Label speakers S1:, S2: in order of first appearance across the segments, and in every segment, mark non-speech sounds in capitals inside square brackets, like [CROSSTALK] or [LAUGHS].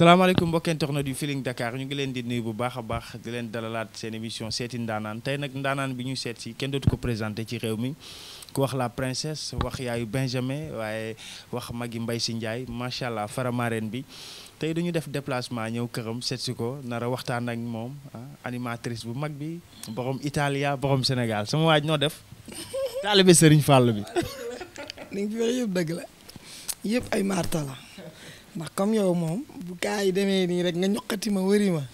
S1: salaamaaleykum mbokki internet yu Feeling Dakar ñu ngi leen di nuyu bu baax baax di leen dalalaat seen émission seeti ndaanaan tey nag ndaanaan bi ñu seet si kenn dootu ko présenté ci réew mi ku wax la princesse wax yaayu Benjamin waaye wax mag magi mbay si Ndiaye macha allah faramareen bi tey du ñu def déplacement ñëw këram seet ko nar a waxtaan ak moom ah, animatrice bu mag bi borom Italia borom Sénégal sama waaj noo def taalibe Serigne Fall bi.
S2: li fi wax ndax comme yow moom bu gaa yi demee nii rek nga ñoqati ma wëri ma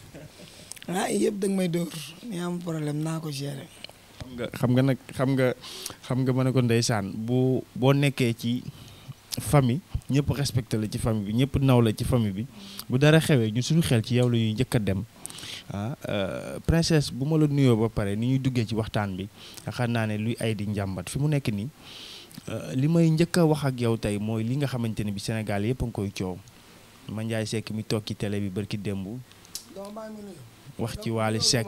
S2: ah yëpp da may dóor ni am problème naa ko gérer.
S1: xam nga xam nga nag xam nga xam nga ma ne ko ndeysaan bu boo nekkee ci famille ñëpp respecté la ci famille bi ñëpp naw la ci famille bi bu dara xewee ñu suñu xel ci yow la ñuy njëkk a dem ah euh, princesse bu ma la nuyoo ba pare ni ñuy duggee ci waxtaan bi xam naa ne luy ay di njàmbat fi mu nekk nii. Euh, li may njëkk a wax ak yow tey mooy li nga xamante ne bi senegal yëpp a koy coow ma Ndiaye mi toog ci télé bi barki démb
S2: wax ci Wally Seck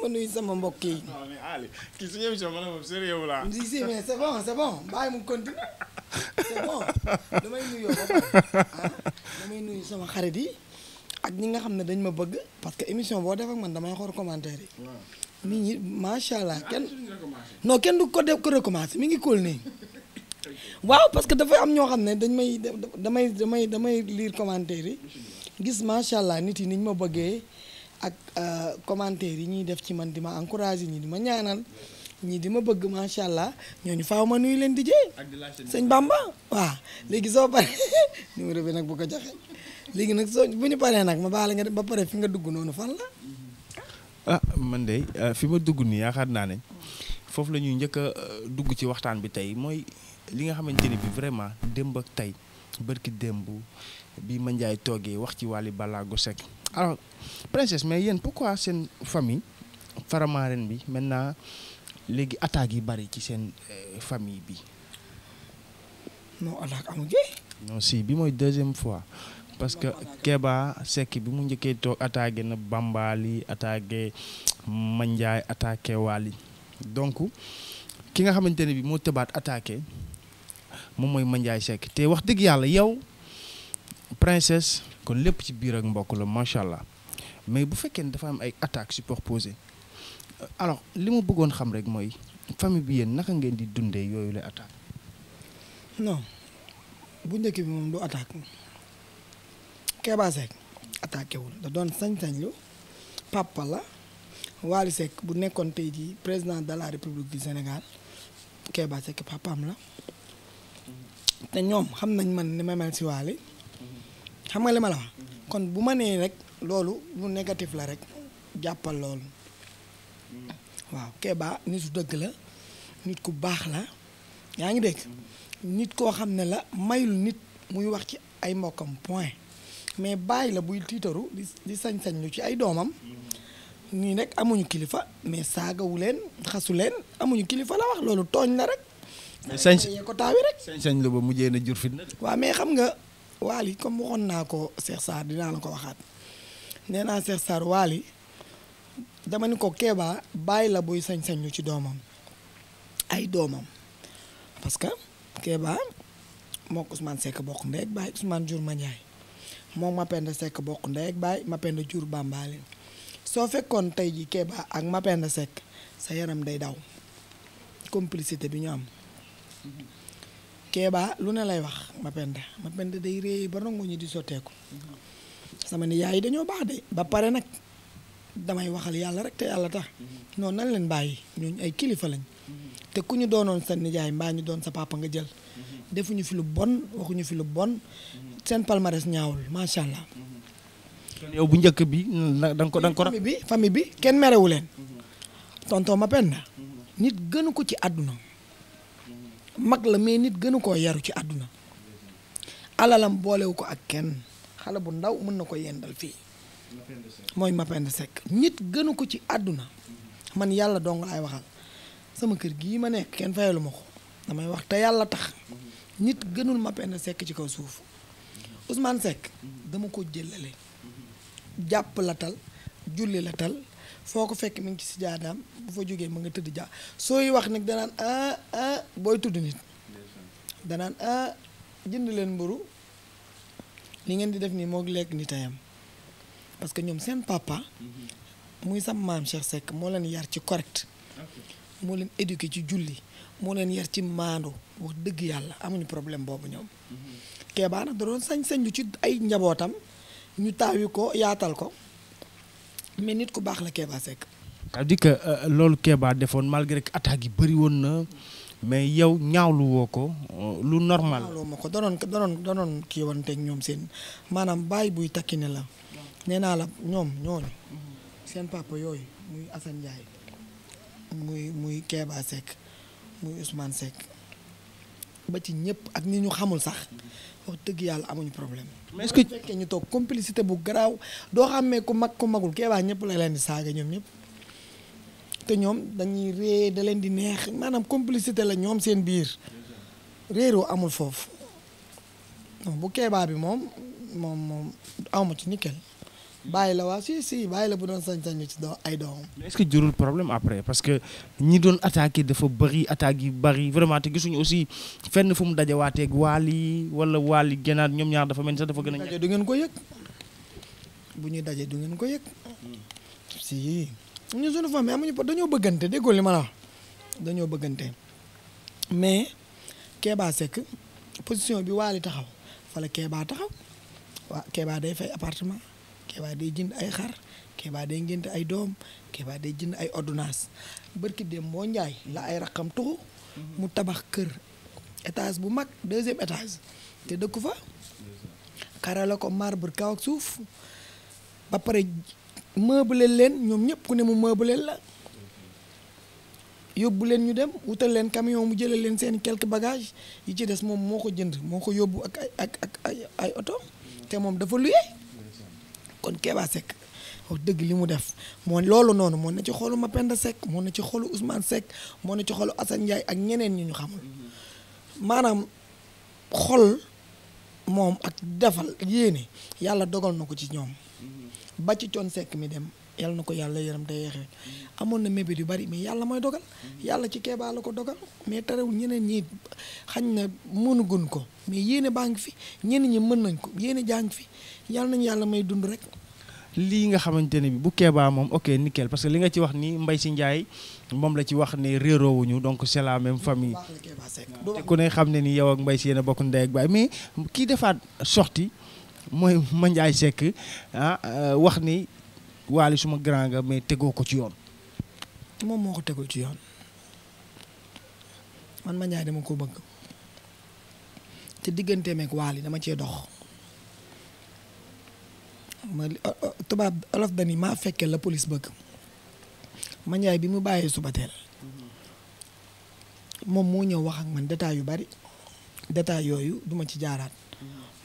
S2: ma [LAUGHS] [LAUGHS] nuyu sama mbokk yi. kii suñu émission ma ne moom sérieux la. si si mais c'est bon mu continuer
S1: c'est bon [LAUGHS] damay ah. sama
S2: xarit yi. ak ñi nga xam ne dañ ma bëgg parce que émission boo def ak man damay xool commentaire yi. nit ñi macha allah kenn. non kenn du ko def ko recommencé mi ngi kóol nii. waaw parce que dafa am ñoo xam ne dañ may damay damay damay lire commentaire yi. gis macha allah nit yi ni ñu ma bëggee ak euh, commentaire yi ñuy def ci man di ma encouragé ñi di ma ñaanal. ñii di ma bëgg macha allah ñooñu faaw ma nuyu leen di jee. sëñ Bamba waaw léegi soo pare [LAUGHS] numéro bi nag bu ko léegi nag soo bu ñu paree nag ma la nga dem ba pare fi nga dugg noonu fan la.
S1: ah man de ah, fi ma dugg nii yaakaar naa ne foofu la ñuy njëkk a ah, dugg ci waxtaan bi tey mooy li nga xamante ni bi vraiment démb ak tey bërki démb bi ma njaay toogee wax ci Wally Ballago Seck alors princesse mais yéen pourquoi seen famille faramaren bi maintenant léegi attaques yi bari ci seen eh, famille bi. bi mooy deuxième fois. parce que Kéba Seck bi mu njëkkee toog attaqué na Bambali attaqué Mandiaye attaqué Wali donc ki nga xamante ne bi moo tëbaat attaqué moom mooy Mandiaye Seck te wax dëgg yàlla yow princesse kon lépp ci biir ak mbokk la macha allah mais bu fekkee ne dafa am ay attaques superposées alors li ma bëggoon xam rek mooy famille bi yéen naka ngeen di dundee yooyu lay attaque
S2: non bu njëkk bi moom du attaque Kéba Seck attaqué wul da doon sañ-sañ lu papa la Wally Seck bu nekkoon tey jii président de la république du Sénégal Kéba Seck papaam la te ñoom xam nañ man ni ma mel si Wally xam nga li ma la kon bu ma nee rek loolu lu négatif la rek jàppal loolu waaw Kéba nit su dëgg la nit ku baax la yaa ngi dégg nit koo xam ne la mayul nit muy wax ci ay mbokkam point mais bàyyi la buy tiitaru di di sañ-sañ lu ci ay doomam nii nag amuñu kilifa mais saagawu leen xasu leen amuñu kilifa la wax loolu tooñ la rek. mais sañ sañ ko taawi rek. sañ
S1: sañ ba mujjee na jur fitna.
S2: waaw mais xam nga Waly comme waxoon naa ko Cheikh Sarr dinaa la ko waxaat nee naa Cheikh Sarr Waly dama ni ko Kéba bàyyi la buy sañ-sañ lu ci doomam ay doomam parce que Kéba moo ko Ousmane Seck bokk ndeeg bàyyi jur ma Ndiaye. moom Mapenda Seck bokk ndey ak baay Mapenda jur bàmbaalin soo fekkoon tey ji Keba ak Mapenda Seck sa yaram day daw complicité bi ñu am Keba lu ne lay wax Mapenda Mapenda day réy ba rongo di sotteeku sama ni yaay yi dañoo baax de ba pare nag damay waxal yàlla rek te yàlla tax noon na leen bàyyi ñooñu ay kilifa lañ te ku ñu doonoon sa nijaay mbaa ñu doon sa papa nga jël defuñu fi lu bon waxuñu fi lu bon seen palmarès ñaawul macha allah.
S1: kon yow bu njëkk bi da ko da ko. famille
S2: bi famille bi kenn merewu leen. tonton na nit gënu ko ci àdduna. mag la mais nit gënu koo yaru ci àdduna. alalam boolewu ko ak kenn xale bu ndaw mën na ko yendal fii. mooy Mapenda Seck nit gënu ko ci àdduna. man yàlla dong laay waxal sama kër gii ma nekk kenn fayalu ma ko damay wax te yàlla tax. nit gënul ma penn sekk ci kaw suuf Ousmane Seck dama ko jëlale jàpp la tal julli la tal foo ko fekk mi ngi ci sijaadaam bu fa jógee mu nga tëdd ja sooy wax nag danaan ah ah booy tudd nit danaan ah, jënd leen mburu li ngeen di def nii moo lekk ni tayam parce que ñoom seen papa muy sam maam Cheikh sekk moo leen yar ci correct moo leen éduqué ci julli moo leen yar ci maandu wax dëgg yàlla amuñu problème boobu ñëw mm-hmm. Kéba nag da sañ-sañ lu ci ay njabootam ñu taawi ko yaatal ko mais nit ku baax la Kéba Seck.
S1: c'est-à-dire euh, loolu Kéba defoon malgré que attaques yi bëri woon na mais yow ñaawlu woo ko euh, lu normal. ñaawloo ma ko danoon
S2: danoon danoon kii wanteeg ñoom seen maanaam bàyyi buy takki ne la mm-hmm. nee naa la ñoom ñooñu mm-hmm. seen papa yooyu muy Assane Ndiaye. muy muy Kéba Seck muy Ousmane Seck ba ci ñëpp ak ñi ñu xamul sax wax dëgg yàlla amuñu problème. mais ce que fekkee ñu toog complicité bu garaaw doo xàmmee ku mag ku magul Kéba ñëpp la leen di saaga ñoom ñëpp te ñoom dañuy ree da leen di neex maanaam complicité la ñoom seen biir réeroo amul foofu bu Kéba bi moom moom moom aw ci nickel. bàyyi la waa si si bàyyi la bu doon sañ-sañ ci do ay doomam. est-ce que
S1: jurul problème après parce que ñi doon attaqué dafa bëri attaques yi bëri vraiment te gisuñu aussi fenn fu mu dajewaateeg waal yi wala waal yi gënaat ñoom ñaar dafa mel ni sax dafa gën a. daje du ngeen ko yëg
S2: bu ñuy dajee du ngeen ko yëg si. ñu mais famille ñu po dañoo bëggante déggoo li ma la wax dañoo bëggante mais Kéba Seck position bi waali taxaw fala Kéba taxaw waa Kéba day fay appartement. Keba day jënd ay xar Keba day ngénte ay doom Keba day jënd ay ordonnance bërki dem moo njaay la ay raqam tuxu mu tabax kër étage bu mag deuxième étage te dëkku fa karala ko marbre kaw ak suuf ba pare meuble leen ñoom ñëpp ku ne mu meuble la yóbbu leen ñu dem wutal leen camion mu jëlee leen seen quelques bagage yi ci des moom moo ko jënd moo ko yóbbu ak ak ak ay oto te moom dafa luyee kon Kéba sekk wax dëgg li mu def moo loolu noonu moo na ci xolu Mapenda sekk moo na ci xolu Ousmane Seck moo na ci xolu Assane Ndiaye ak ñeneen ñi ñu xamul maanaam xol moom ak defal yéene yàlla dogal na ko ci ñoom ba ci coon sekk mi dem yàlla na ko yàlla yaram te yeexee amoon na mébét yu bari mais yàlla mooy dogal yàlla ci Kéba la ko dogal mais terewu ñeneen ñi xañ na mënugun ko mais yéene baa fi ñeneen ñi mën nañ ko yéene jaa fi yàlla nañu yàlla may dund rek.
S1: lii nga xamante ne bi bu Kéba moom ok nickel parce que li nga ci wax ni Mbaye si Ndiaye moom la ci wax ne réeroowuñu donc c'est la même famille te ku ne xam ne ni yow ak Mbaye si yéen a bokk ndey ak baay mais kii defaat sorti mooy [LAUGHS] ma Ndiaye Seck ah, euh, wax ni Wally suma grand nga mais tegoo ko ci yoon
S2: moom moo ko tegoo ci yoon man ma Ndiaye dama ko bëgg te digganteem ak Wally dama cee dox ma tubaab olof dani maa fekkee la polis bëgg ma bi mu bàyyee suba teel moom moo ñëw wax ak man détail yu bari détail yooyu duma ci jaaraat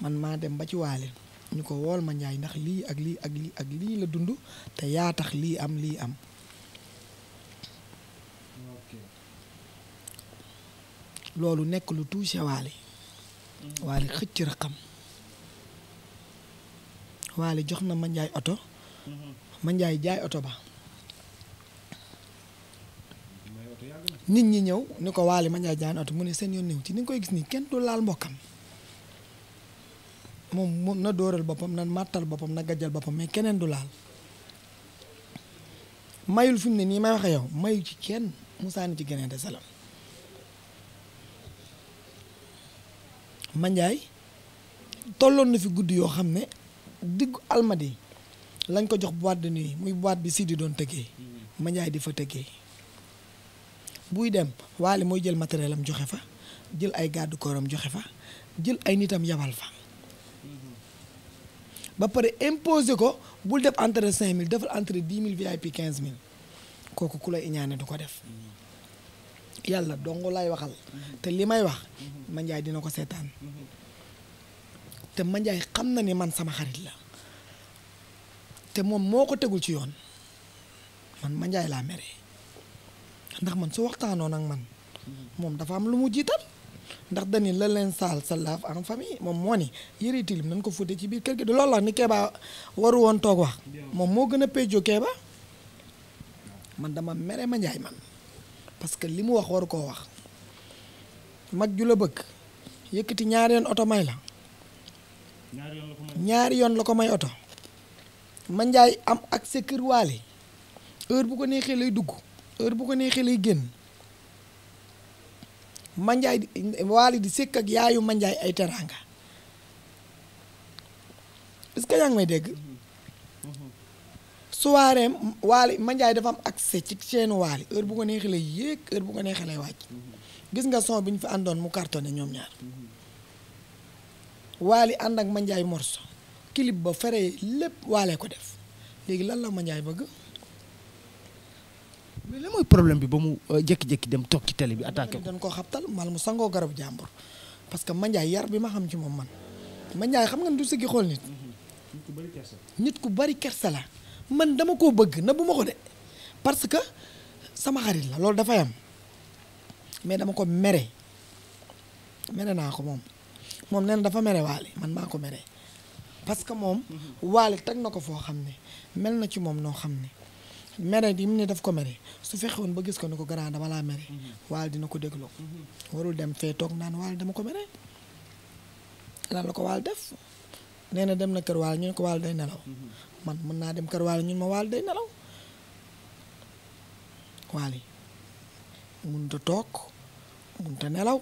S2: man maa dem ba ci waale ñu ko wool ma ndax lii ak lii ak lii la dund te yaa tax lii am lii am loolu nekk lu touché waale waale xëcc raqam Waly jox na manjaay oto mm-hmm. Mandiaye jaay oto ba nit ñi ñëw ni ko Waly Mandiaye jaay oto mu ne seen yoon néew ci ni nga koy gis nii kenn du laal mbokkam moom moom na dóoral boppam na màttal boppam na gajal boppam mais keneen du laal mayul fi mu ne nii may waxe yow mayu ci kenn Moussa ni ci gënee de salam tolloon na fi guddi yoo xam ne diggu almadi lañ ko jox boîte de nuit muy boîte bi si di doon tëggee ma njaay di fa tëggee buy dem waale mooy jël matériel am joxe fa jël ay garde corps am joxe fa jël ay nitam yabal fa ba pare imposé ko bul def entre cinq mille defal entrée dix mille VIP quinze mille kooku ku la iñaane du ko def yàlla dong laay waxal mm-hmm. te li may wax mm-hmm. ma njaay dina ko seetaan mm-hmm. te Mandiaye xam na ni man sama xarit la te moom moo ko tegul ci yoon man manjaay laa mere ndax man su waxtaanoon ak man moom dafa am lu mu jiital ndax dani la leen saal sa laaf en famille moom moo ni yëre tilim nañ ko fóote ci biir kër gi du loolu la ni Kéba waru woon toog wax moom moo gën a péjoo Kéba man dama mere Mandiaye man parce que li mu wax waru koo wax mag ju la bëgg yëkkati ñaari yoon oto may la ñaari yoon la ko may oto ma am ak sa kër waale heure bu ko neexee lay dugg heure bu ko neexee lay génn ma njaay di sëkk ak yaayu ma ay teraanga est-ce que yaa ngi may dégg mm-hmm. soiréem waale ma njaay dafa am accès ci seenu waale heure bu ko neexee lay yéeg heure bu ko neexee lay wàcc mm-hmm. gis nga son bi ñu fi àndoon mu cartonné ñoom ñaar mm-hmm. waali ànd ak manjaay morso clip ba fere lépp waalee ko def léegi lan la manjaay bëgg mais la
S1: mooy problème bi ba mu euh, jékki-jékki dem toog ci télé bi attaqué ko dañ koo xabtal
S2: mal mu sangoo garab jàmbur parce que manjaay yar bi ma xam ci moom man manjaay xam nga du siggi xool nit nit ku bari kerse la man dama koo bëgg na bu ma ko de parce que sama xarit la loolu dafay am mais dama ko mere mere naa ko moom moom nee na dafa mere waale man maa ko mere parce que moom. waale teg na ko foo xam ne mel na ci moom noo xam ne mere di mu ne daf ko mere su fexewoon ba gis ko ne ko grand dama laa mere. waale dina ko dégloo. warul dem fee toog naan waale dama ko mere lan la ko waal def nee dem na kër waale ñu ne ko waale day nelaw man mën naa dem kër waale ñun ma waale day nelaw toog mënut a nelaw.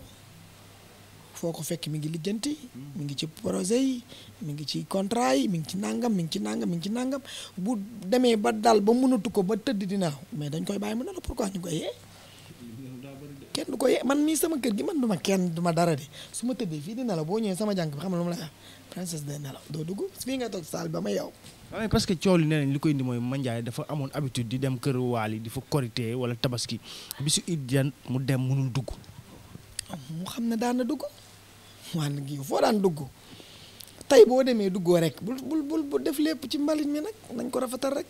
S2: foo ko fekk mi ngi lijjanti mi ngi ci projet yi mi ngi ci contrat yi mi ngi ci nangam mi ngi ci nangam mi ngi ci nangam bu demee ba dal ba mënatu ko ba tëdd di dinaaw mais dañ koy bàyyi mu ne la pourquoi ñu koy kenn du man mii sama kër gi man duma kenn duma dara de su ma tëddee fii di nelaw boo ñëwee sama jànk bi xam nga lu ma la wax princesse de nelaw doo dugg fii nga toog saal ba ma yow. waaw
S1: ah parce que coow li nee li koy indi mooy Mandiaye dafa amoon habitude di dem kër Waly di fa korité wala tabaski bisu it yan mu dem mënul dugg.
S2: mu xam dugg. waa dëgg yow foo daan dugg tey boo demee duggoo rek bul bul bul def lépp ci mbalit mi nag nañ ko rafetal rek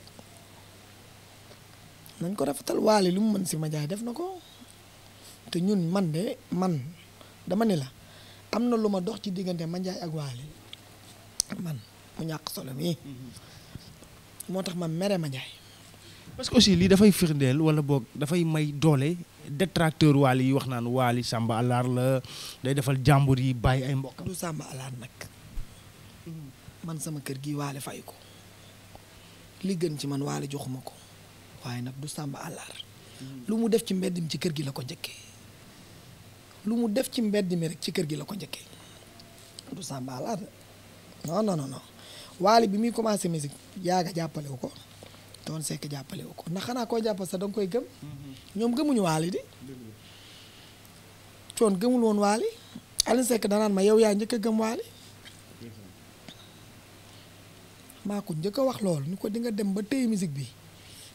S2: nañ ko rafetal waale li mu mën si Majaay def na ko te ñun man de man dama ne la am na lu ma dox ci diggante Majaay ak waale man mu ñàkk solo mii mm-hmm. moo tax ma mere Majaay parce que aussi lii dafay
S1: firndeel wala boog dafay may doole détracteur waali yi wax naan waali Samba Allaar la day defal jàmbur yi bàyyi
S2: ay mbokkam du Samba Allaar nag man sama kër gi waale fay ko li gën ci man waale joxuma ko waaye nag du Samba Allaar lu mu def ci mbedd mi ci kër gi la ko njëkkee lu mu def ci mbedd mi rek ci kër gi la ko njëkke du Samba Allaar non non waale bi muy commencé musique yaaga jàppalewu ko doon sekk jàppale wu ko ndax xanaa koo jàppal sa da koy gëm. ñoom gëmuñu waali di. coon gëmul woon waali Alioune Seck danaan ma yow yaa njëkk a gëm waali maa ko njëkk wax loolu nu ko dinga dem ba téye musique bi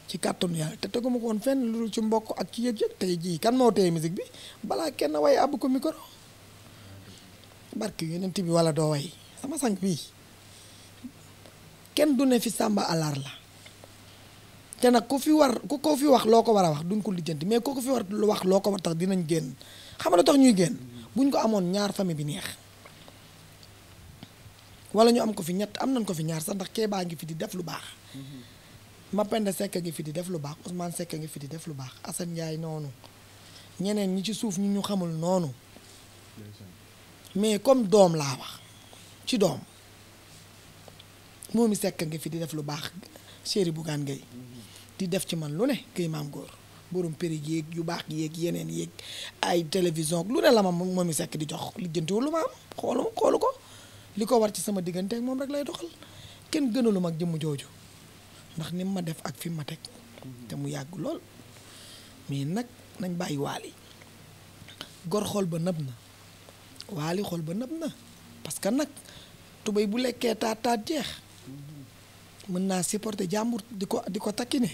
S2: ci kàttanu yàlla te teguma ko woon fenn lu dul ci mbokk ak ci yëg-yëg tey jii kan moo téye musique bi balaa kenn way àbb ko micro barke yonent bi wala doo way sama sang bii kenn du ne fi Samba Alar la. te nag ku fi war ku ko fi wax loo ko war a wax duñ ko lijjanti mais ku ko fi war wax loo ko war tax dinañ génn xam nga lu tax ñuy génn buñ ko amoon ñaar famille bi neex wala ñu am ko fi ñett am nañ ko fi ñaar sax ndax Kéba ngi fi di def lu baax. Mm-hmm. Mapenda Seck ngi fi di def lu baax Ousmane Seck ngi fi di def lu baax Assane Ndiaye noonu ñeneen ñi ci suuf ñu ñu xamul noonu mais comme doom laa wax ci doom moomi Seck ngi fi di def lu baax chéri Bougane Gueye mm-hmm. di def ci man lu ne kii maam góor borom périg yéeg yu baax yéeg yeneen yéeg ay télévision lu ne la ma moom mi sekk di jox lijjantiwul lu ma am xoolu xoolu ko li ko war ci sama diggante moom rek lay doxal kenn gënalu ak jëmm jooju ndax ni ma def ak fi ma teg te mu yàgg lool mais nag nañ bàyyi waali gor xool ba nëb na waali xool ba nëb na parce que nag tubéy bu lekkee taat taat jeex mën naa supporter jàmbur di ko di ko takkine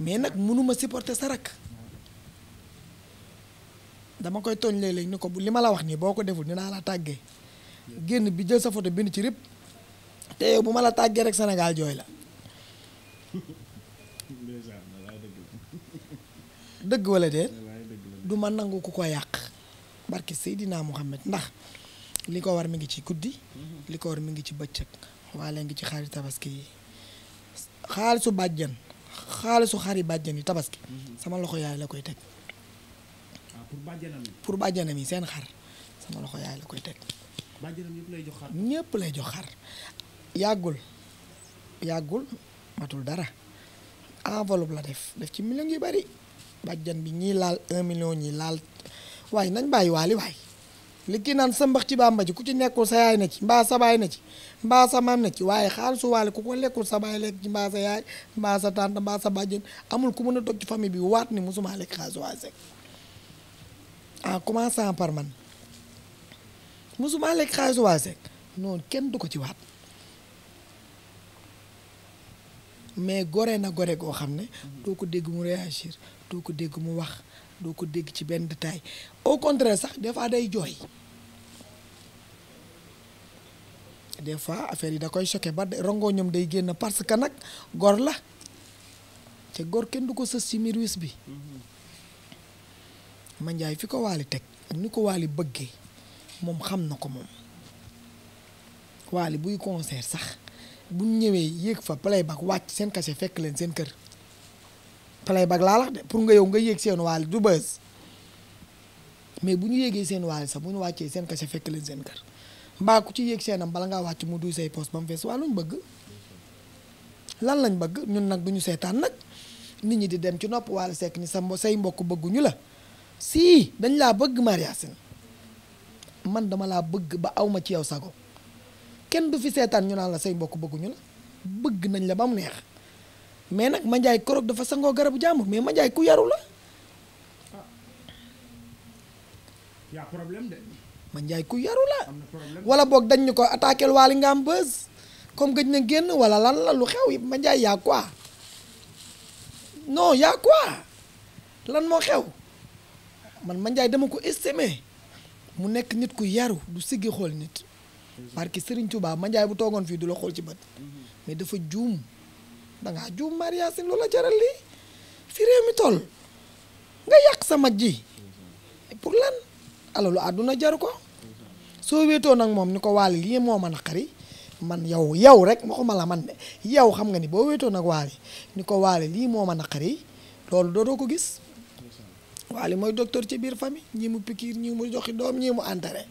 S2: mais nag mënuma supporter sarak dama koy tooñ léeg-léeg ni ko bu li ma la wax nii boo ko deful naa la tàggee génn bi jël sa photo bind ci rip te yow bu ma la tàggee rek Sénégal jooy la dëgg wala déet du ma nangu ku ko yàq barke Seydina Muhammad ndax li ko war mi ngi ci guddi li ko war mi ngi ci bëccëg waale ngi ci xarit tabaski yi xaalisu bàjjen xaalisu xari bàjjen yi tabaski sama loxo yaay la koy teg ah, pour bàjjenam yi seen xar sama loxo yaay la koy teg ñëpp lay jox xar yàggul yàggul matul dara envelop la def def ci millions yu bari bàjjan bi ñii laal un million ñii laal waaye nañ bàyyi waali waay li kii naan sa mbax ci bàmba ji ku ci nekkul sa yaay na ci mbaa sa baay na ci mbaa sa maam na ci waaye xaalisu ku ko lekkul sa baay lekk ci mbaa sa yaay mbaa sa tànt mbaa sa bàjjen amul ku mën a toog ci famille bi waat ni musuma lekk xaalisu waale Seck par man musuma lekk xaalisu waale noonu kenn du ko ci waat mais gore na gore goo xam ne doo ko dégg mu réagir doo ko dégg mu wax doo ko dégg ci benn détail au contraire sax des fois day jooy des fois affaire yi da koy choqué ba rongoo ñoom day génn parce que nag gor la te gor kenn du ko sës ci miruus bi manjaay fi ko waali teg ak ni ko waali bëggee moom xam na ko moom waali buy concert sax bu ñëwee yéeg fa playback wàcc seen cachet fekk leen seen kër playback laa lax de pour nga yow nga yéeg seen waal du bës mais bu ñu yéegee seen waal sax bu ñu wàccee seen kase fekk leen seen kër mbaa ku ci yéeg am bala ngaa wàcc mu duy say poos ba mu fees waa luñ bëgg lañ bëgg ñun nag du ñu seetaan nag nit ñi di dem ci nopp Wally Seck ni sa say mbokk bëgguñu la si dañ laa bëgg mariasin man dama laa bëgg ba awma ci yow sago kenn du fi seetaan ñu naan la say mbokk bëgguñu la bëgg nañ la ba mu neex mais nag Mandiaye koroog dafa sangoo garabu jàmbur mais Mandiaye ku yaru la. yaa problème yaru wala boog dañ ñu ko attaqué waali nga am bës comme gëj na génn wala lan la lu xew Mandiaye yaa quoi non yaa quoi lan moo xew man Mandiaye dama ko estimé mu nekk nit ku yaru du siggi xool nit. parce que Serigne Touba bu toogoon fii du la xool ci bët mhm. mais dafa juum. dangaa juum Maria Yacine loola jaral lii fi réew mi toll nga yàq sa mag ji pour lan alalu àdduna jaru ko soo wéetoo nag moom ni ko waali lii moo ma naqari man yow yow rek waxuma la man de yow xam nga ni boo wéetoo nag waali ni ko waali lii moo ma naqari loolu doodoo ko gis waali mooy docteur ci biir famille ñii mu pikiir ñii mu joxi doom ñii mu enterré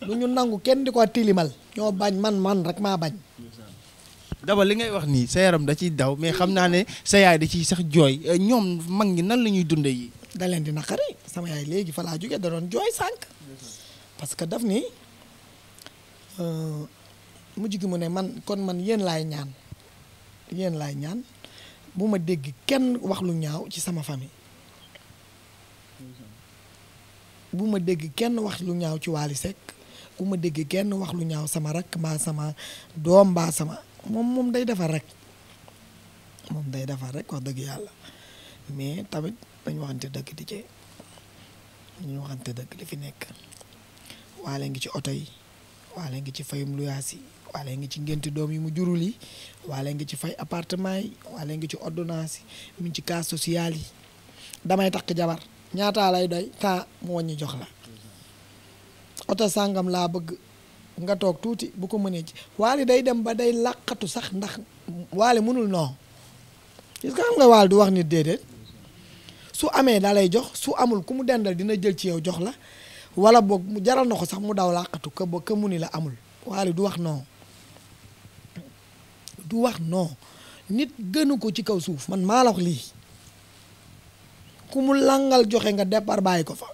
S2: [LAUGHS] lu ñu nangu kenn di ko tilimal ñoo bañ man man rek maa bañ daba li ngay wax nii sa yaram da ciy daw mais xam naa ne sa yaay da ciy sax jooy euh, ñoom mag ñi nan la ñuy dundee yi da leen di naqari sama yaay léegi fa laa jógee da doon jooy sànq parce que daf nii euh, mujj gi mu ne man kon man yéen laay ñaan yéen laay ñaan bu ma dégg kenn wax lu ñaaw ci sama famille bu ma dégg kenn wax lu ñaaw ci Wally Seck bu ma dégg kenn wax lu ñaaw sama rakk mbaa sama doom mbaa sama moom moom day defar rek moom day defar rek wax dëgg yàlla mais tamit dañ waxante dëgg di jee ñu waxante dëgg li fi nekk waale ngi ci oto yi waale ngi ci fayum luyaas yi waale ngi ci ngénti doom yi mu jurul yi waale ngi ci fay appartement yi waale ngi ci ordonnance yi mu ci cas social yi damay takk jabar ñaataa lay doy temps mu wàññi jox la oto sàngam laa bëgg nga toog tuuti bu ko mënee ci waali day dem ba day làqatu sax ndax waali mënul noo gis nga xam nga waali du wax nit déedéet su amee da jox su amul ku mu dendal dina jël ci yow jox la wala boog mu jaral na ko sax mu daw làqatu ka ba ka mu ni la amul waali du wax noo du wax non nit gënu ko ci kaw suuf man maa la wax lii ku mu langal joxe nga départ bàyyi ko fa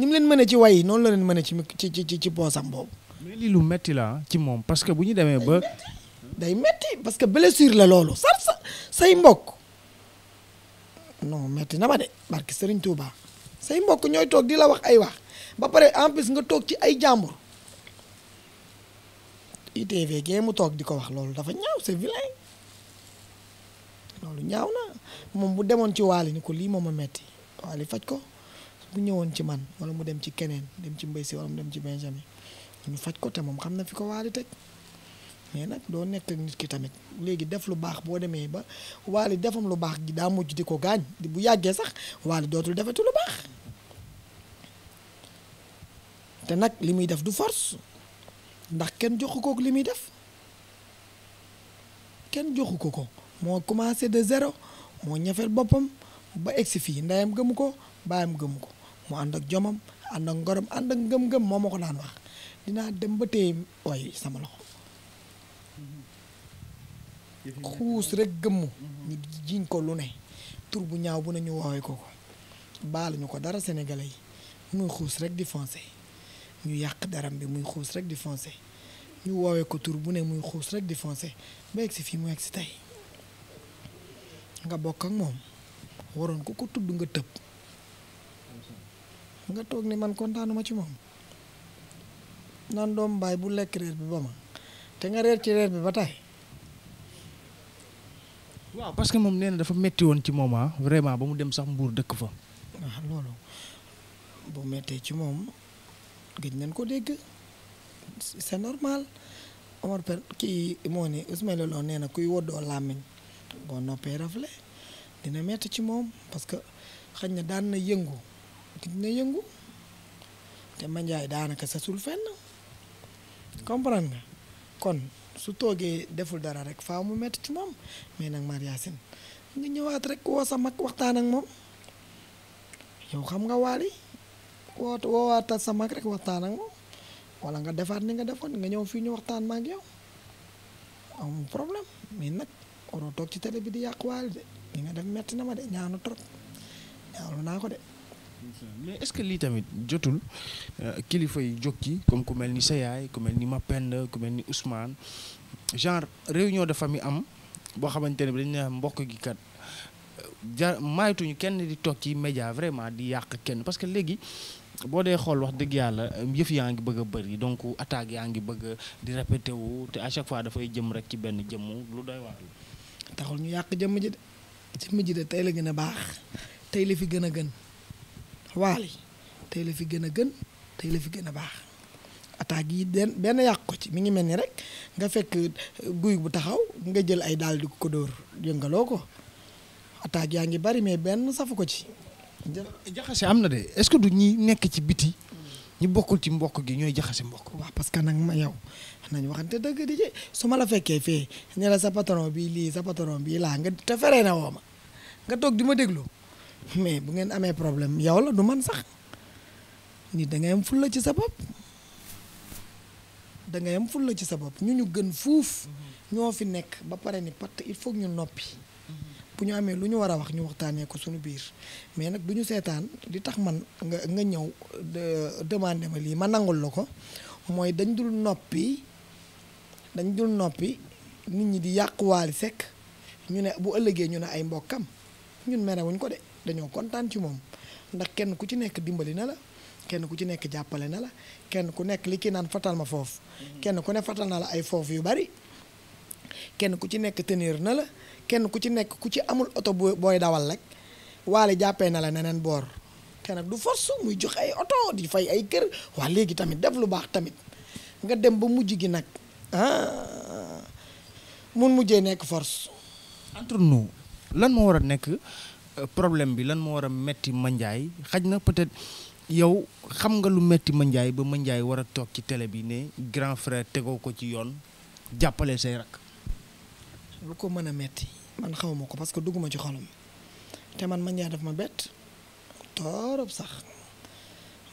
S2: ni leen mën a ci way noonu la leen mën a ci ci ci ci poosam boobu. mais lii lu metti la ci moom parce que bu ñu demee ba. day metti parce que blessure la loolu sar sa say mbokk non metti na ma de barke Serigne Touba say mbokk ñooy toog di la wax ay wax ba pare en plus nga toog ci ay jàmbur ITV gee mu toog di ko wax loolu dafa ñaaw c'est vilain loolu ñaaw na moom bu demoon ci waali ni ko lii moom a metti waali faj ko bu ñëwoon ci man wala mu dem ci keneen dem ci mbay si wala mu dem ci Benjamin ñu faj ko te moom xam na fi ko waali teg mais nag doo nekk nit ki tamit léegi def lu baax boo demee ba waali defam lu baax gi daa mujj di ko gaañ bu yàggee sax waali dootul defatu lu baax te nag li muy def du force ndax kenn joxu ko li muy def kenn joxu ko ko moo commencé de zéro moo ñafeel boppam ba egsi fii ndeyam gëmu ko baayam gëmu ko mu ànd ak jomam ànd ak ngorom ànd ak ngëm-ngëm moo ma ko daan wax dinaa dem ba tey ooy sama loxo xuus rek gëmm ñu jiñ ko lu ne tur bu ñaaw bu ne ñu woowee ko ko baaluñu ko dara sénégalais yi muy xuus rek di foncé ñu yàq daram bi muy xuus rek di foncé ñu woowee ko tur bu ne muy xuus rek di foncé ba egg si fii mu egg si tey nga bokk ak moom waroon ku ko tudd nga tëb nga toog ni man kontaanuma ci moom naan doom baay bu lekk reer bi ba ma te nga reer ci reer bi ba tey. waaw parce que moom
S1: nee na dafa metti woon ci moom ah vraiment ba mu dem sax
S2: mbuur dëkk fa. waaw ah, loolu bu méttee ci moom gëj nañ ko dégg c'est normal Omar per kii moo ne Ismaïla Lo nee na kuy woddoo làmmiñ boo noppee rafle dina metti ci moom parce que xañ na daan na yëngu. dina yëngu te manjaay daanaka sasul fenn comprendre nga kon su toogee deful dara rek faaw mu metti ci moom mais nag Mar Yacine nga ñëwaat rek woo sa mag waxtaan ak moom yow xam nga waali woo woowaatal sa mag rek waxtaan ak wala nga defaat ni nga defoon nga ñëw fii ñu waxtaan ma ak yow problème mais nag waroo toog ci télé bi di yàq waali de li nga def metti na ma de ñaanu trop ñaawlu naa ko de.
S1: mais est-ce que lii tamit jotul euh, kilifa yi jóg ci comme ku mel ni sa yaay ku mel ni Mapenda ku mel ni Ousmane genre réunion de famille am boo xamante ne bi dañu ne mbokk gi kat euh, jar maytuñu kenn di toog ci média vraiment di yàq kenn parce que léegi boo dee xool wax dëgg yàlla euh, yëf yaa ngi bëgg a bëri donc attaque yaa ngi bëgg di répété te à chaque fois dafay jëm rek ci benn jëmm
S2: lu doy waar la. taxul ñu yàq jëmm ji de jëmm ji de tey la gën a baax tey li fi gën a gën. waali tey la fi gën a gën tey la fi gën a baax attaques yi benn benn yàq ko ci mi ngi mel ni rek nga fekk eh, guy bu taxaw nga jël ay daal di ko dóor yëngaloo ko attaques yaa ngi bari mais benn safu ko ci. jaxase am na de est-ce que du ñi nekk ci biti. ñu bokkul ci mbokk gi ñooy jaxase mbokk. waa parce que nag ma yow nañu waxante dëgg di je su ma la fekkee fee ne sa patron bii lii sa patron bii laa nga te feree na woo ma nga toog di ma dégloo mais bu ngeen amee problème yow la du man sax nit da ngay am la ci sa bopp da ngay fut la ci sa bopp ñu ñu gën fuuf mhm. ñoo fi nekk ba pare ni patt il faut ñu noppi mhm. bu ñu amee lu ñu war a wax ñu waxtaanee ko suñu biir mais nag du ñu seetaan di tax man nga nga ñëw demandé ma lii ma nangul la ko mooy dañ dul noppi dañ dul noppi nit ñi di yàquwaali sekk ñu ne bu ëllëgee ñu ne ay mbokkam ñun merewuñ ko de dañoo kontaan ci moom ndax kenn ku ci nekk dimbali na la kenn ku ci nekk jàppale na la kenn ku nekk li kii naan fatal ma foofu mm-hmm. kenn ku ne fatal na la ay foofu yu bari kenn ku ci nekk tenir na la kenn ku ci nekk ku ci amul oto booy dawal rek waalo jàppee na la neneen boor te du force muy jox ay oto di fay ay kër waa léegi tamit def lu baax tamit nga dem ba mujj gi nag ah mun mujjee nekk force
S1: entre lan moo war a nekk problème bi lan moo war a metti Mandiaye xaj na peut-être yow xam nga lu metti Mandiaye ba Mandiaye war a toog ci télé bi ne grand frère tegoo ko ci yoon jàppale say rak
S2: lu ko mën a metti man xawma ko parce que dugguma ci xolam te man Mandiaye daf ma bett torop sax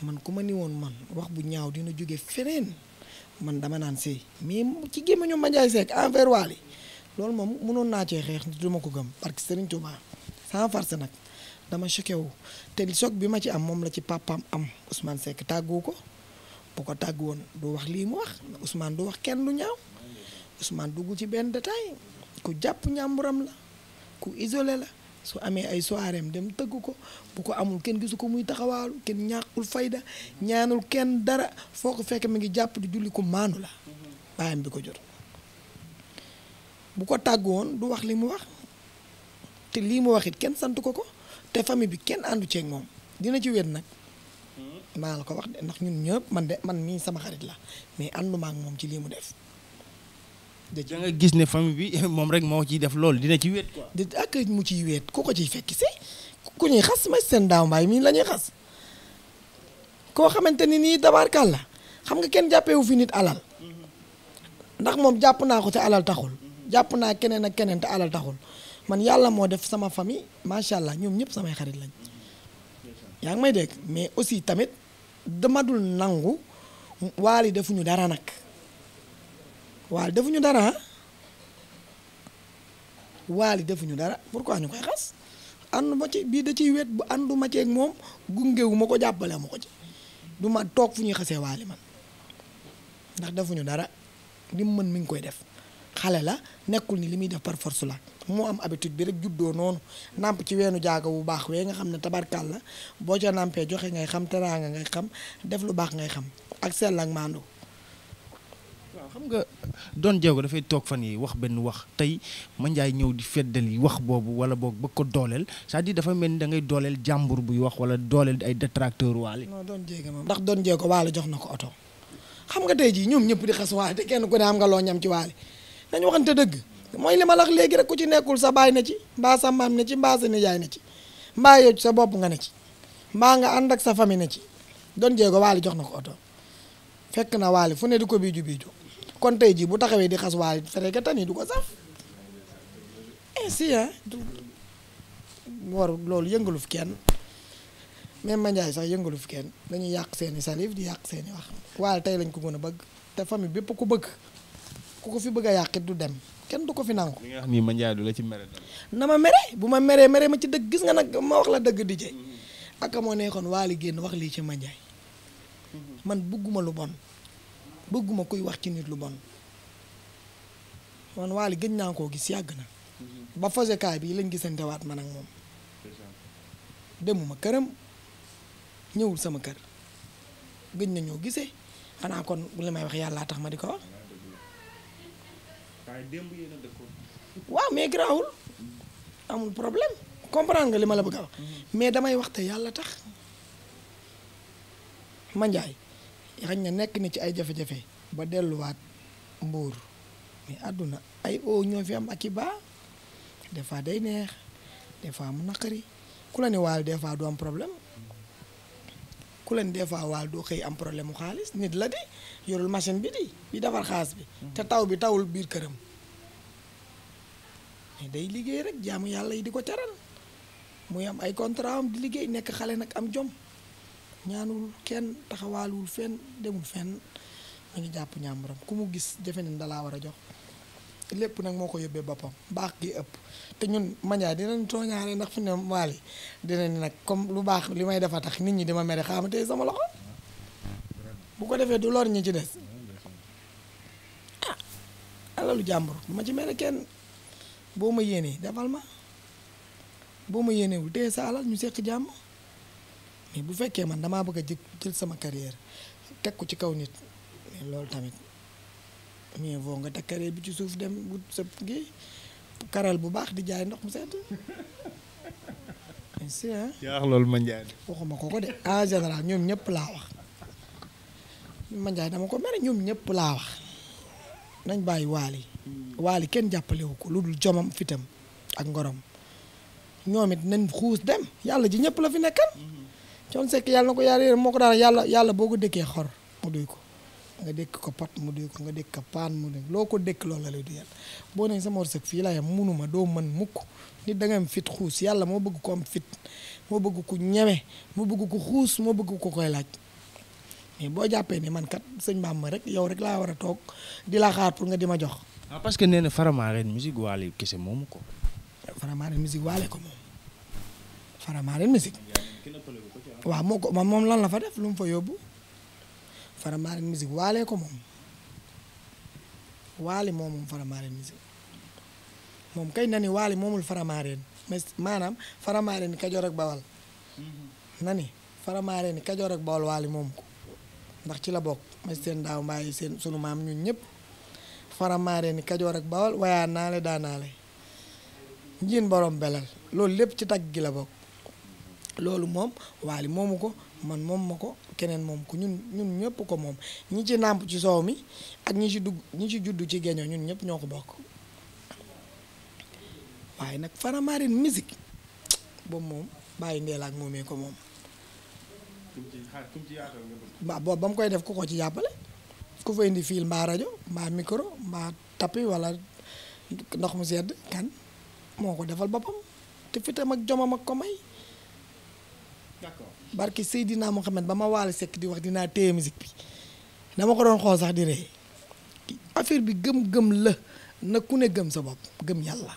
S2: man ku ma ni woon man wax bu ñaaw dina jóge feneen man dama naan sëy mais ci gémmiñu Mandiaye Seck envers Wally loolu moom mënoon naa cee xeex duma ko gëm parce que Serigne sans farce nag dama choqué wu te choc bi ma ci am moom la ci papaam am Ousmane Seck tàggu ko bu ko tàgg woon du wax lii mu wax Ousmane du wax kenn du ñaaw Ousmane dugg ci benn détail jàpp ñàmburam ku isolé la su amee ay soiréem dem tëgg ko bu ko amul kenn gisu ko muy taxawaalu kenn ñàkkul fayda ñaanul kenn dara foo ko fekk mi ngi jàpp di julli la baayam ko jot bu ko tàgg woon du wax li mu wax te lii mu wax kenn sant ko ko te famille bi kenn àndu ceeg moom dina ci wéet nag hmm. maa la ko wax de ndax ñun ñëpp man de man mii sama xarit la mais ànduma ak moom ci lii mu def.
S1: da nga gis ne famille bi
S2: [LAUGHS] rek moo ciy def loolu dina ci wéet quoi. di mu ciy wéet ku ko ciy fekk si ku ñuy xas ma seen daaw mbaay mii lañuy xas koo xamante ni nii tabaarkàl la xam nga kenn jàppewu fi nit alal hmm. ndax moom jàpp naa ko ci alal taxul jàpp naa keneen ak keneen te alal taxul. man yàlla moo def sama famille macha allah ñoom ñëpp samay xarit lañ yaa ngi may dégg mais aussi tamit dama dul nangu waali defuñu dara nag waali defuñu dara waali defuñu dara pourquoi ñu koy xas àndu ma ci bii da ciy wet bu àndu ma ceeg moom gungewu ma ko jàppale ma ko ci du ma toog fu ñuy xasee waali man ndax defuñu dara li mën mi ngi koy def xale la nekkul ni li muy def par force la moo am habitude bi rek juddoo noonu nàmp ci weenu jaaga bu baax wee nga xam ne tabarkaal la boo ca nàmpee joxe ngay xam teraanga ngay xam def lu baax ngay xam ak sell ak maandu waaw xam nga
S1: doon jeego dafay toog fan yi wax benn wax tey ma njaay ñëw di feddali wax boobu wala boog bëgg ko dooleel c'est-à-dire mel ni da dooleel
S2: jàmbur buy wax wala dooleel ay détracteur waale non doon jéego moom ndax doon jéego waale jox na ko oto xam nga tey jii ñoom ñëpp di xas waale te kenn ku ne am nga loo ñam ci waale nañ waxante dëgg mooy li ma lax léegi rek ku ci nekkul sa baay na ci mbaa sa maam ne ci mbaa sa nijaay na ci mbaa yow sa bopp nga ne ci mbaa nga ànd ak sa famille ne ci Don Diego Wally jox na ko oto fekk na Wally fu ne di ko biiju biiju kon tey jii bu taxawee di xas Wally fereke tani du ko saf ainsi eh, hein war loolu yëngalu kenn même Mandiaye sax yëngalu fi kenn dañuy yàq seeni salif di yàq seeni wax Wally tey lañ ko gën a bëgg te famille bépp ko bëgg ku ko fi bëgg a yàqit du dem kenn du ko fi nangu.
S1: li nga wax nii ma la ci mere.
S2: na ma mere bu ma meree mere ma ci dëgg gis nga nag ma wax la dëgg di jey mm-hmm. ak moo nekkoon waali génn wax lii ci ma mm-hmm. man bëgguma lu bon bëgguma kuy wax ci nit lu bon man waali gëj naa koo gis yàgg na mm-hmm. ba fosekaay bii lañ gisante waat man ak moom demuma këram ñëwul sama kër na ñoo gisee xanaa kon li may wax yàllaa tax ma di ko wax
S1: waaye démb yéen
S2: waaw mais garaawul amul problème comprendre nga li ma la bëgg a mm-hmm. mais damay wax te yàlla tax. Mandiaye xañ na nekk na ci ay jafe-jafe ba delluwaat mbuur mais àdduna ay o ñoo fi am ak i baa des fois day neex des fois mu naqari ku la ne waal des fois du am problème. ku leen des fois waal doo xëy am problème mu xaalis nit la di yorul machine bi di bi defar xaas bi. te taw bi tawul biir këram. day liggéey rek jaamu yàlla yi di ko teral muy am ay contrat am di liggéey nekk xale nag am jom ñaanul kenn taxawaalul fenn demul fenn mu ngi jàpp ñàmburam ku mu gis defe ne dalaa war a jox. lépp nag moo ko yóbbee boppam baax gi ëpp te ñun manjaay dinañ tooñaale ndax fi ne waali dinañ nag comme lu baax li may dafa tax nit ñi dama mere xaama tey sama loxo bu ko defee du lor ñi ci des ah alalu jàmbur ma ci mere kenn boo ma yéenee defal ma boo ma yéenewul téye sa alal ñu seq jàmm mais bu fekkee man damaa bëgg a jël sama carrière teg ko ci kaw nit loolu tamit mais nga nga takkaree bi ci suuf dem wut sa gi karal bu baax di jaay ndox mu sedd
S1: yaa wax loolu Mandiaye de.
S2: waxuma ko ko ñoom ñëpp laa wax Mandiaye dama ko mere ñoom ñëpp laa wax nañ bàyyi waali waali kenn jàppalewu ko lu dul jomam fitam ak ngorom ñoom it nañ xuus dem yàlla ji ñëpp la fi nekkal. coon mm-hmm. sekk yàlla na ko yàlla yéen moo ko daan yàlla yàlla boo ko dëkkee xor mu duy ko. nga dékk ko pat mu dee ko nga dékk ko paan mu dee loo ko dékk loolu la lay duyal boo ne sama wërsëg fii laa munuma doo mën mukk nit da am fit xuus yàlla moo bëgg ko am fit moo bëgg ku ñeme moo bëgg ko xuus moo bëgg ko koy laaj mais boo jàppee ni man kat mbaam ma rek yow rek laa war a toog di la xaar pour nga di ma jox.
S1: ah parce que nee na Faramareen musique waale kese moomu ko.
S2: Faramareen musique ko moom Faramareen musique. Ah. waaw moo ko moom lan la fa def lu mu fa yóbbu. Faramareen musique waalee ko moom waali moom moom na ni waali moomul Faramareen mais maanaam Faramareen Kajoor ak Bawal mhm. na ni Faramareen Kajoor ak Bawal waali moom ko ndax ci la bokk mais seen daaw mbaay seen sunu maam ñun ñëpp Faramareen Kajoor ak Bawal wayaa naale daa naale njiin borom belal loolu lépp ci tagg gi la bokk loolu moom waali moomu ko man moom ma ko keneen moom ko ñun ñun ñëpp ko moom ñu ci nàmp ci soow mi ak ñu ci dugg ñi ci juddu ci géño ñun ñëpp ñoo ko bokk waaye nag Faramareen musique boobu moom bàyyi ndeel ak ko moom ba boobu ba mu koy def ku ko ci jàppale ku fa indi fil mbaa rajo mbaa micro mbaa tapis wala ndox mu sedd kan moo ko defal boppam te fitam ak jomam ak ko may barke Seydina Mohamed ba ma waale sekk di wax dinaa téye musique bi dama ko doon xool sax di rey affaire bi gëm-gëm la nag ku ne gëm sa bopp gëm yàlla.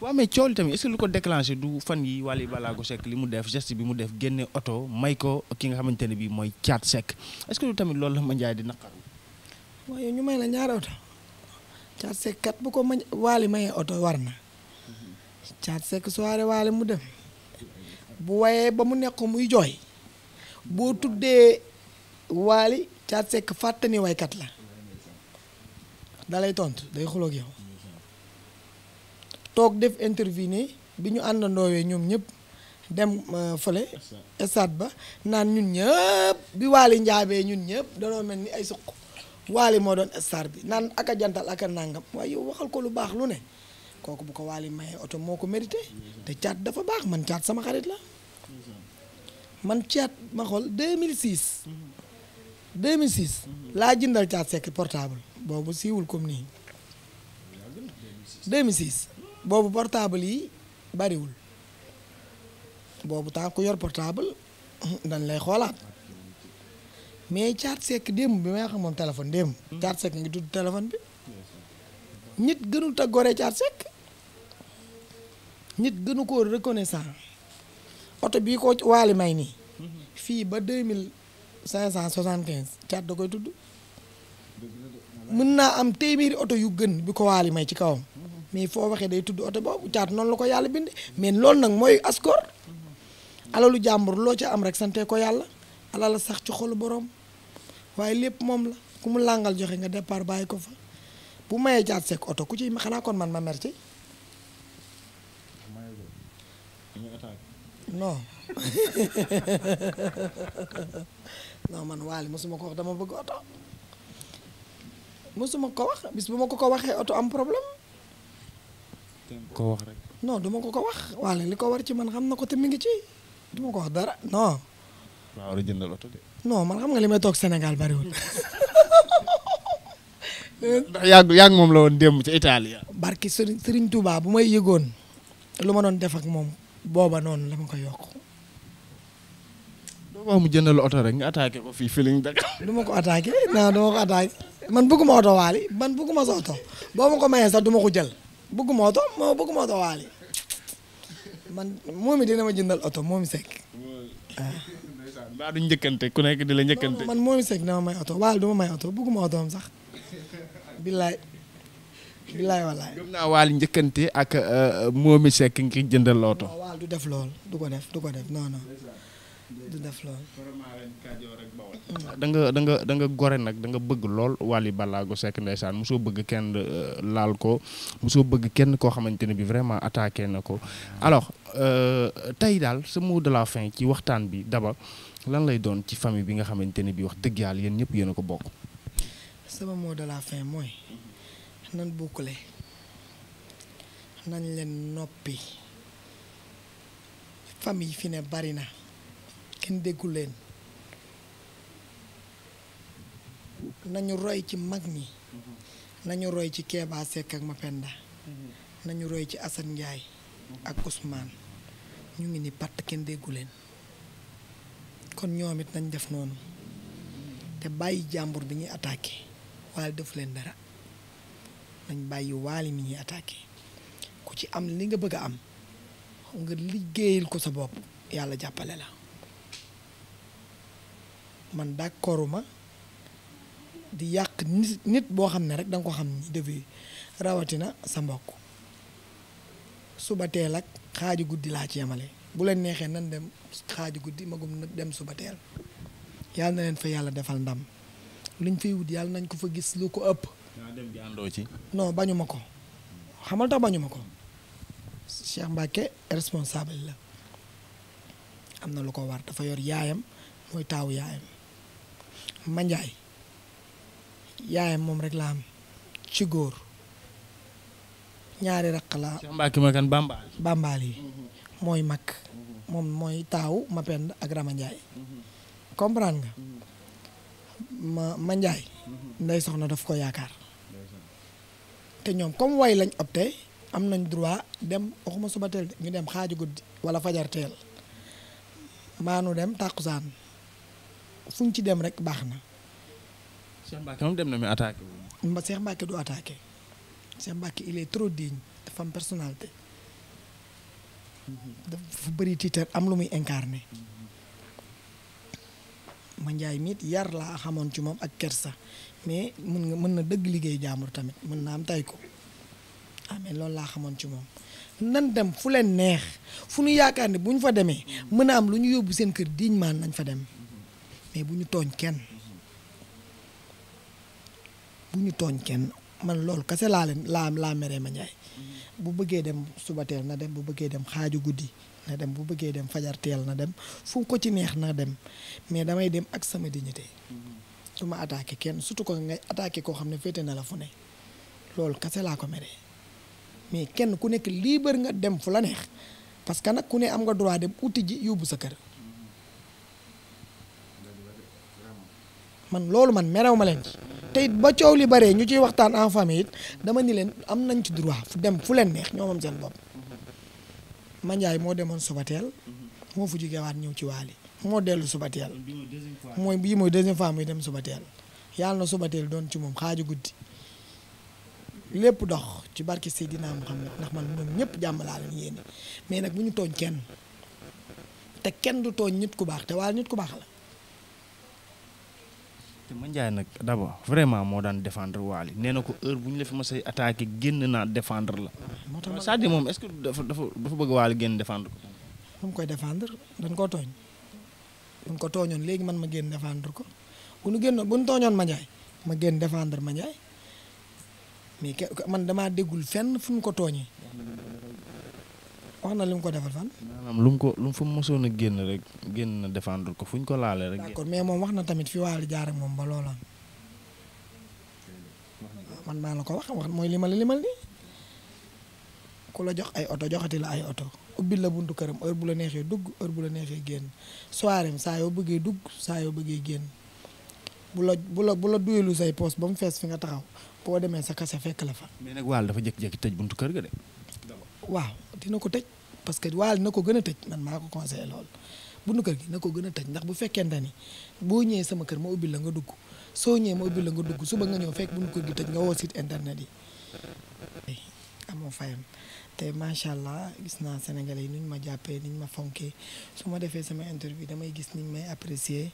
S1: waaw mais coow li tamit est lu ko déclenché du fan yi balaa ko Seck li mu def geste bi mu def génne oto may ko ki nga xamante ne bii mooy caat Seck est que lu tamit loolu la ma njaay di naqaru.
S2: waaye ñu may la ñaari oto caat Seck kat bu ko ma Wally mayee oto war na caat Seck soirée Wally mu dem. bu wayee ba mu nekk muy jooy boo tuddee waali caat sekk fàtte ni waykat la dalay tontu day xuloog yow toog def interview bi ñu àndandoowee ñoom ñëpp dem euh, fële stade ba naan ñun ñëpp bi waali njaabee ñun ñëpp danoo mel ni ay suq waali moo doon star bi naan aka jantal aka nàngam waaye yow waxal ko lu baax lu ne kooku bu ko waali mayee oto moo ko mérité te caat dafa baax man caat sama xarit la man caat ma xool 2006 2006 laa jëndal caat sekk portable boobu siiwul comme nii 2006 boobu portable yi bariwul boobu temps ku yor portable [LAUGHS] dañ lay xoolaat mais caat sekk démb bi may xamoon téléphone démb caat sekk ngi tudd téléphone bi nit gënul ta goree caat sekk nit gënu koo reconnaissant oto bii ko waali may nii fii ba deux mille cinq cent soixante quinze caat da koy tudd mën naa am téeméeri oto yu gën bi ko waali may ci kawam mais foo waxee day tudd oto boobu caat noonu la ko yàlla bind mais loolu nag mooy askor alalu jàmbur loo ca am rek sante ko yàlla alal sax ci xolu borom waaye lépp moom la ku mu làngal joxe nga départ bàyyi ko fa bu mayee caat seeg oto ku ci xanaa kon man ma mer non [LAUGHS] non man Waly mosuma ko wax dama bëgg oto mosuma ko wax ma ko ko waxee oto am problème. ko wax rek. duma ko ko wax Waly li ko war ci man xam na ko te mi ngi ci duma ko dara non. a man xam nga li may toog Sénégal bariwul.
S1: ndax [LAUGHS] yàgg yàgg moom la woon ca Italie.
S2: barki Serigne Serigne Touba bu ma yëgoon lu ma doon def ak moom. booba noonu la ma ko yokk.
S1: doo wax mu jëndal oto rek nga attaqué ko fii Feeling Dakar.
S2: du ma ko attaqué non du ma ko attaqué man bëgguma oto man bëgguma sa oto boo ma ko mayee sax duma ko jël bëgguma oto moo bëgguma ma jëndal oto moom Seck
S1: waaw. mbaa du njëkkante ku nekk la njëkkante. man
S2: moom Seck dama may oto waali du ma may oto bëgguma oto am sax billaay. bilaay walaay gëm
S1: naa waal njëkkante ak euh, euh, moomi sekk ngi jëndal looto
S2: waal du def lool du ko def du ko def non
S1: da nga da nga da gore nag danga bëgg lool Wally Ballago Seck ndeysaan mosoo bëgg kenn euh, laal ko mosoo bëgg kenn koo xamante ne bi vraiment attaque na ko alors tey daal sa mot de la fin ci waxtaan bi daba lan lay doon ci famille bi nga xamante ne bi wax dëgg yàlla yéen ñëpp yéen a ko bokk
S2: sama mot de la fin mooy nan nañ leen noppi famille fi bari na kenn déggu leen nañu roy ci mag ñi nañu roy ci Kéba Seck ak Mapenda nañu roy ci Assane Ndiaye ak Ousmane ñu ngi ni patt kenn déggu kon ñoom it nañ def noonu te bàyyi jàmbur bi ñuy attake walla defu leen dara nañ bàyyi waali ni ñuy attaqué ku ci am li nga bëgg a am nga liggéeyal ko sa bopp yàlla jàppale la man d'accorduma di yàq nit nit boo xam ne rek danga ko xam ni depuis rawatina sa mbokk suba teel ak xaaju guddi laa ci yemale bu leen neexee nan dem xaaju guddi magum na dem suba teel yàlla na leen fa yàlla defal ndam luñ fay wut yàlla nañ ko fa gis lu ko ëpp dem di bañu ma ko xamal tax bañu ma ko Cheikh Mbacke responsable la am na lu ko war dafa yor yaayam mooy taawu yaayam Mandiaye yaayam moom rek la am ci góor ñaari raq la. Cheikh Mbacke ma kan bambaal. yi mhm. mooy mag moom mooy taawu Mapend ak Rama Ndiaye mhm. comprendre nga mhm. ma Mandiaye ndey soxna daf ko yaakaar. te ñoom comme way lañ opté am nañ droit dem waxuma suba teel ñu dem xaaju guddi wala fajar teel maanu dem tàkkusaan fuñ ci dem rek baax na. Cheikh
S1: dem na muy attaqué.
S2: Mba Cheikh Mbacke du attaqué Cheikh Mbacke il est trop digne mhm. dafa am personnalité. dafa bëri tiitar am lu muy incarné. Mhm. ma njaay miit yar laa xamoon ci moom ak kersa mais mën nga mën na dëgg liggéey jaamur tamit mën naa am tay ko amee ah, loolu laa xamoon ci moom nan dem fu leen neex fu ñu yaakaar ne bu ñu fa demee mën a am lu ñu yóbbu seen kër diñ maan nañ fa dem mais bu ñu tooñ kenn bu ñu tooñ kenn man loolu kese laa leen laa meree ma njaay bu bëggee dem suba teel na dem bu bëggee dem xaaju guddi na dem bu bëggee dem fajar teel na dem fu ko ci neex na dem mais damay dem ak sama dignité su ma attaqué kenn surtout ko ngay attaqué koo xam ne féete na la fu ne loolu kase laa ko meree mais kenn ku nekk lii bëri nga dem fu la neex parce que nag ku ne am nga droit dem uti ji yóbbu sa kër man loolu man merew ma leen ci ba coow li baree ñu ciy waxtaan en famille ni leen am nañ ci droit fu dem fu leen neex ñoom am seen bopp Mandiaye moo demoon Sobatel moo fu jógewaat ñëw ci waali moo dellu suba teel mooy bii mooy deuxième fois muy dem suba teel yàlla na suba doon ci moom xaaju guddi lépp dox ci barke Seydina Muhammad ndax man moom ñëpp jàmm laa leen yéene mais nag bu ñu tooñ kenn te kenn du tooñ nit ku baax te wala nit ku baax la.
S1: te ma Ndiaye nag d'abord vraiment moo daan defendre Wally nee na ko heure bu ñu la ma mos a génn naa défendre la. moo tax moom est-ce dafa dafa bëgg Wally génn défendre ko.
S2: mu koy défendre dañ koo tooñ. buñ ko tooñoon léegi man ma génn défendre ko bu nu génn bu nu tooñoon ma Ndiaye ma génn défendre ma Ndiaye mais man damaa déggul fenn fu mu ko tooñee wax na li mu ko defal fan. maanaam
S1: lu mu ko lu mu a génn rek génn na défendre ko fu ko laalee rek. d'accord
S2: mais moom wax na tamit fi waali jaar moom ba loola man maa la ko wax mooy limal limal ni ku la jox ay oto joxati la ay oto. ubbil la buntu këram heure bu la neexee dugg heure bu la neexee génn soirée saa yoo bëggee dugg saa yoo bëggee génn bu la bu la bu la duyelu say poos ba mu fees fi nga taxaw boo demee sa kase fekk la fa.
S1: mais nag waal dafa jékki-jékki tëj buntu kër ga
S2: waaw dina ko tëj parce que waal na ko gën a tëj man maa ko conseillé lool buntu kër gi na ko gën a tëj ndax bu fekkente ni boo ñëwee sama kër ma ubbil la nga dugg soo ñëwee ma ubbil la nga dugg suba nga ñëw fekk buntu kër gi tëj nga woo site internet yi amoo fayam te macha allah gis naa sénégalais yi nuñ ma jàppee niñ ma fonkee su ma defee sama interview damay gis niñ may apprécier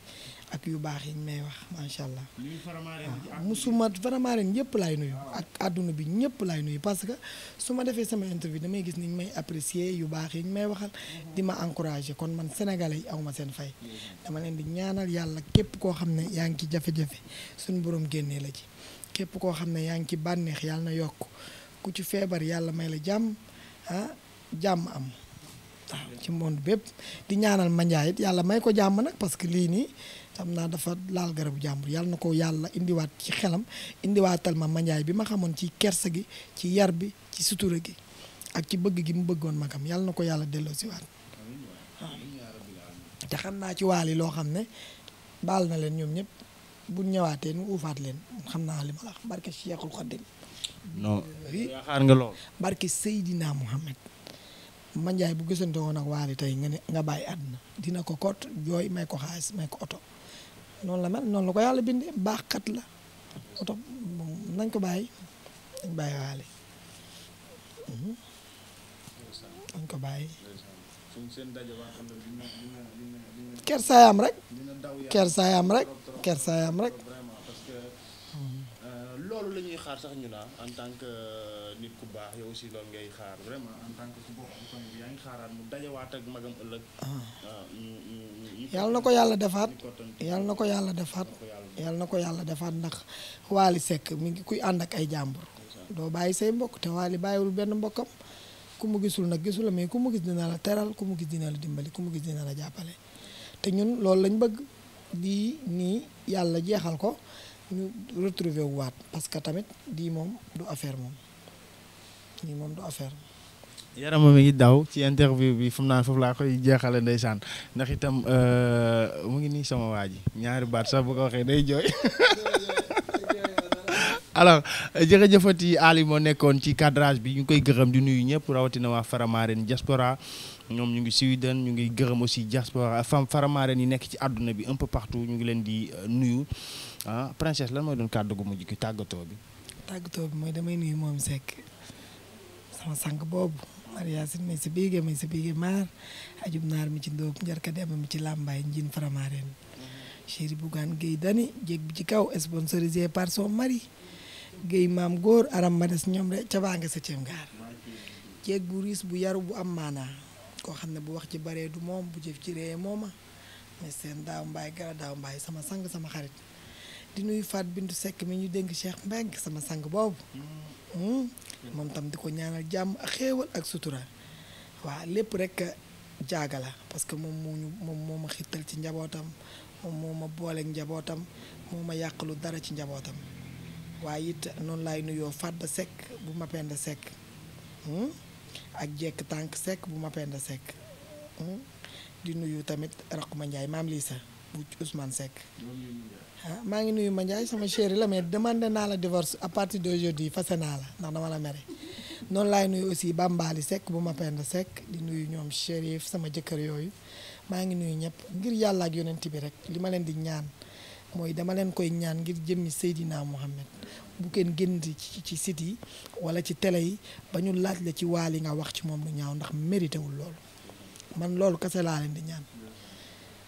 S2: ak yu baax yiñ may wax macha allah.
S1: waaw
S2: musuma vraiment ren ñëpp laay nuyu. ak àdduna bi ñëpp laay nuyu parce que su ma defee sama interview damay gis niñ may apprécier yu baax yiñ may waxal. di ma encourager kon man sénégalais yi awma seen fay. dama leen di ñaanal yàlla képp koo xam ne yaa ngi ci jafe-jafe suñu borom génnee la ci képp koo xam ne yaa ngi ci bànneex yàlla na yokk. ku ci feebar yàlla may la jàmm ah, jàmm am waaw ci monde bépp di ñaanal manjaay yàlla may ko jàmm nag parce que lii nii xam naa dafa laal garabu jàmbur yàlla na ko yàlla indiwaat ci xelam indiwaatal ma manjaay bi ma xamoon ci kersa gi ci yar bi ci sutura gi ak ci bëgg gi mu bëggoon magam yàlla na ko yàlla delloo si waaw te xam naa ci waal yi loo xam ne baal na leen ñoom ñëpp bu ñëwaatee nu uufaat leen xam naa li ma la wax barke Cheikhul Khadim
S1: non xaar nga lool.
S2: bu gisante woon ak dina ko ko xaalis may ko oto noonu la mel noonu la ko yàlla bindee baaxkat la oto nañ ko bàyyi nañ mhm. ko bàyyi. kersaayam kersaayam rek kersaayam rek.
S1: loolu la ñuy xaar sax ñu naa ah, en tant que euh, nit ku baax yow aussi vraiment en tant que ku bokk
S2: yàlla na ko yàlla defaat yàlla na ko yàlla defaat yàlla na ko yàlla defaat ndax Waly sekk mu ngi kuy ànd ak ay jàmbur. doo bàyyi say mbokk te Waly bàyyiwul benn mbokkam ku mu gisul nag gisul mais ku mu gis dina la teral ku mu gis dina la dimbali ku mu gis dina la jàppale te ñun loolu lañ bëgg di nii yàlla jeexal ko. ñu retrouver waat parce que tamit lii moom du affaire moom lii moom du
S1: yaram mi ngi daw ci interview bi fu naa naan foofu laa koy jeexale ndeysaan ndax itam euh, mu ngi nii sama waa ji ñaari baat sax bu ko waxee day jooy [LAUGHS] alors jërëjëfati Ali moo nekkoon ci cadrage bi ñu koy gërëm di nuyu ñëpp rawatina waa Faramaren diaspora ñoom ñu ngi Suède ñu ngi gërëm aussi diaspora femme faramaaren yi nekk ci àdduna bi un peu partout ñu ngi leen di euh, nuyu ah princesse lan mooy doon kàddu gu mujj gi tàggatoo bi.
S2: tàggatoo bi mooy damay nuyu moom Seck sama sang boobu Maria Sin may si biige may si biige maar ajub naar mi ci ndóob njarka dem mi ci làmbaay njiin faramaaren chéri Bougane Gueye Dany jéeg bi ci kaw sponsorisé par son mari Gueye maam góor aram ma des ñoom de ca baa nga septième gaar jéeg bu riis bu yaru koo xam ne bu wax ci baree du moom bu jëf ci réyee mooma mais seen daaw mbaay gara daaw mbaay sama sang sama xarit di nuyu Faat Bintu sekk mi ñu dénk Cheikh Mbengue sama sang boobu hmm. moom tam di ko ñaanal jàmm ak xéewal ak sutura waaw lépp rek jaaga la parce que moom moo moom moo ma xital ci njabootam moom moo ma booleeg njabootam moo ma yàqalu dara ci njabootam waaye it noonu laay nuyoo Faat ba Seck bu ma Penda Seck hmm. ak jekk tànk sekk bu ma penda sekk hmm? di nuyu tamit raq ma Ndiaye maam Lissa bu Ousmane Seck ah maa ngi nuyu ma Ndiaye sama chéri la mais demandé naa la divorce à parti partir d'aujourd'hui fase naa la ndax dama la mere noonu laay nuyu aussi Bambali Seck bu ma penda Seck di nuyu ñoom chérif sama jëkkër yooyu maa ngi nuyu ñëpp ngir yàllaa ak yonent bi rek li ma leen di ñaan mooy dama leen koy ñaan ngir jëmmi Seydina Mohamed bu kenn génn ci ci site yi wala ci tele yi ba ñu laaj la ci waal yi nga wax ci moom lu ñaaw ndax mérité wul loolu man loolu kese laa leen di ñaan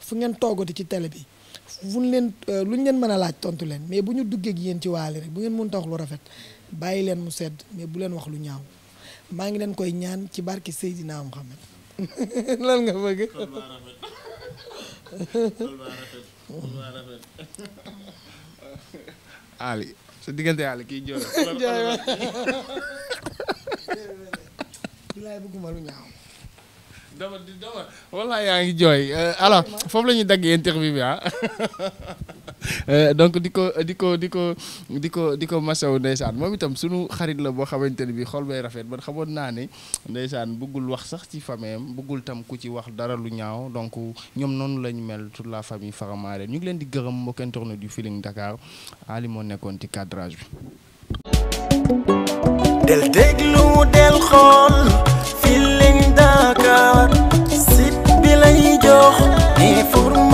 S2: fu ngeen toogati ci télé bi fu leen euh, lu leen mën a laaj tontu leen mais bu ñu duggeek yéen ci waali rek bu ngeen mun wax lu rafet bàyyi leen mu sedd mais bu leen wax lu ñaaw maa ngi leen koy ñaan ci barke Seydina Mohamed [LAUGHS] lan nga
S1: bëgg. [LAUGHS] Ali sa diggante Ali kii jooy. jooy waay. lu ñaaw. dama di dama walla yaa ngi jooy euh, alors foofu la ñuy dagg interview bi ah [LAUGHS] euh, donc di ko di ko di ko di ko di ko masawu ndeysaan moom itam sunu xarit la boo xamante ne bi xol bay rafet man xamoon naa ne ndeysaan bëggul wax sax ci famille bëggul tam ku ci wax dara lu ñaaw donc ñoom noonu lañu mel toute la famille Faramareen ñu ngi leen di gërëm mbokk internet du Feeling Dakar Ali moo nekkoon ci cadrage bi